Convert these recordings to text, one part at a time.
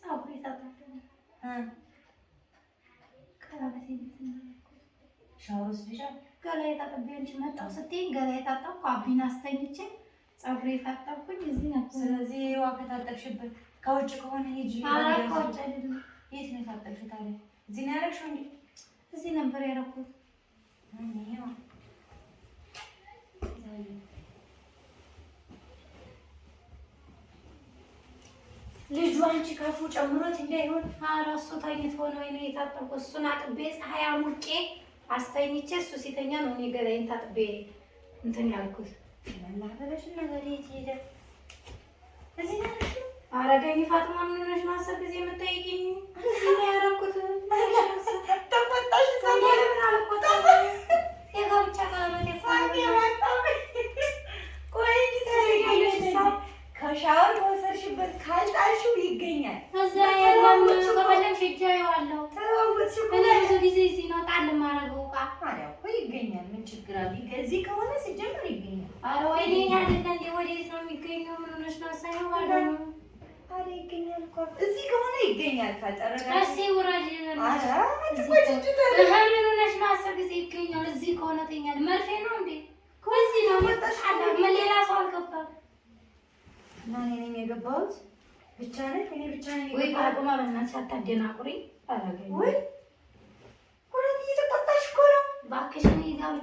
ሻወር ወስደሻል? ገላዬ ታጥቤ እንጂ መጣሁ ስትይኝ ገላዬ ታጠብኩ፣ አቢን አስተኝቼ ፀጉሬ ታጠብኩኝ። እዚህ ነበር። ስለዚህ ይኸው ከታጠብሽበት ከውጭ ከሆነ ሂጂ። ከውጭ አይደለም። የት ነው የታጠብሽው ታዲያ? እዚህ ነው ያደረግሽው? እንደ እዚህ ነበር ያደረኩት። ልጁ አንቺ ከፉ ጨምሮት እንዳይሆን አራሱ ታኝት ሆነ ወይ ነው የታጠብኩ። እሱን አጥቤ ፀሐይ አሙቄ አስተኝቼ እሱ ሲተኛ ነው እኔ ገላይን ታጥቤ እንትን ያልኩት። መናፈረሽን ነው የት ሄደ? እዚህ ነው አረገኝ። ፋጥማ ምንነሽ ማሰብ ጊዜ የምታይቅኝ እዚህ ነው ያደረኩት አለ የማደርገው ዕቃ ታዲያ እኮ ይገኛል። ምን ችግር አለ? እዚህ ከሆነ ሲጀምር ይገኛል። ኧረ ወይኔ አይደለ እንደ ወዴት ነው የሚገኘው? ምን ሆነሽ ነው? ሳይሆን ማለት ነው። ይገኛል እኮ እዚህ ከሆነ ይገኛል። ካልጠረጋሽ እስኪ ውረድ። ኧረ አትቆይ እንጂ ታዲያ ምን ሆነሽ ነው? አስር ጊዜ ይገኛል። እዚህ ከሆነ ትይኛለሽ። መርፌ ነው እንደ ከዚህ ነው መጣሽ። ምን ሌላ ሰው አልገባም እና እኔ ነኝ የገባሁት። ብቻ ነሽ? እኔ ብቻ ነኝ ወይ? ባቁማ በእናትሽ አታደናቁሪ። አላገኘሁም ወይ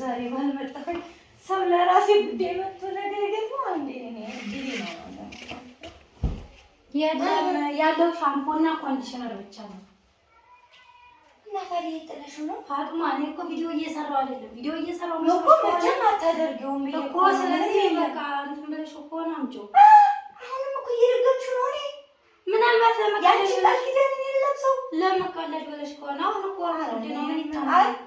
ዛሬ ባልመጣሁ ሰው ለራሴ ጉዳይ መጥቶ ነገር ደግሞ አንዴ ነው ያለው። ሻምፖና ኮንዲሽነር ብቻ ነው። እና ታዲያ የጥለሽ ነው ፋጡማ? እኔ እኮ ቪዲዮ እየሰራሁ አይደለም። ቪዲዮ እየሰራሁ ነው እኮ መቼም አታደርጊውም እኮ። ስለዚህ በቃ እንትን ብለሽ እኮ ነው አምጪው። አሁንም እኮ እየደገምሽው ነው። እኔ ምናልባት ለመቀለድ ለመቀለድ ብለሽ ከሆነ አሁን እኮ ነው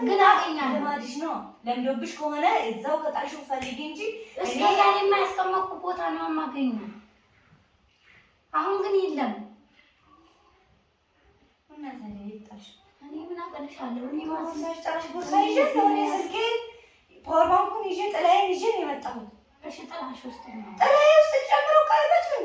ግን አገኛ ልማድሽ ነው። ለምዶብሽ ከሆነ እዛው ከጣልሽው ፈልጊ እንጂ እስከ ዛሬ የማያስቀመጥኩ ቦታ ነው የማገኙ። አሁን ግን የለም። እኔ ምን አቀልሻለሁ? ጨረሽ ቦርሳ ይዤ ስልኬ ፓወር ባንኩን ይዤ ጥላዬን ይዤ ነው የመጣሁት። እሺ ጥላሽ ውስጥ ነው ጥላዬ ውስጥ ጨምረው ቀለበቱን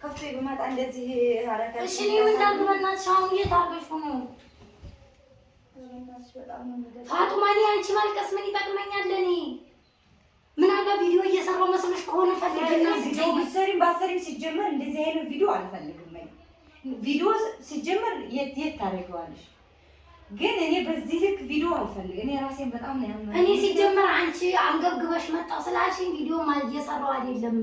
ከፍቶ በመጣ እንደዚህ አረጋሽ። እሺ እኔ ምን ላድርግ? በእናትሽ አንቺ ማልቀስ ምን ይጠቅመኛል? እኔ ምን ቪዲዮ እየሰራው መስሎሽ ከሆነ ፈልግና ብትሰሪም ባትሰሪም ሲጀመር እንደዚህ አይነት ቪዲዮ አልፈልግም። ቪዲዮ ሲጀመር የት የት ታደርጊዋለሽ? ግን እኔ በዚህ ልክ ቪዲዮ አልፈልግ። እኔ ራሴን በጣም ነው ያመመኝ። እኔ ሲጀመር አንቺ አንገብግበሽ መጣው ስላልሽኝ ቪዲዮ እየሰራው አይደለም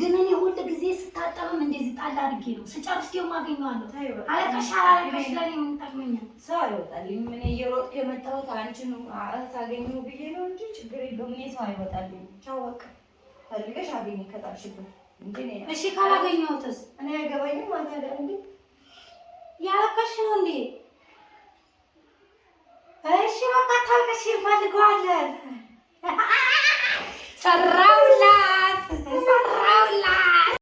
ግን እኔ ሁል ጊዜ ስታጠብም እንደዚህ ጣል አድርጌ ነው ስጨርስ ደግሞ አገኘዋለሁ። አለቀሽ አላለቀሽ ለኔ ምን ጠቅመኛል? ሰው አይወጣልኝ። ምን እየሮጥኩ የመጣሁት አንቺን እህት አገኘሁ ብዬ ነው እንጂ ችግር የለውም። እኔ ሰው አይወጣልኝ። ቻው በቃ ፈልገሽ አገኘ ከጣልሽበት እሺ፣ ካላገኘሁትስ እኔ አይገባኝም። ማለት አይደል እንዴ ያለቀሽ ነው እንዴ? እሺ በቃ ታልቀሽ እንፈልገዋለን። ሰራውላ Zarraula!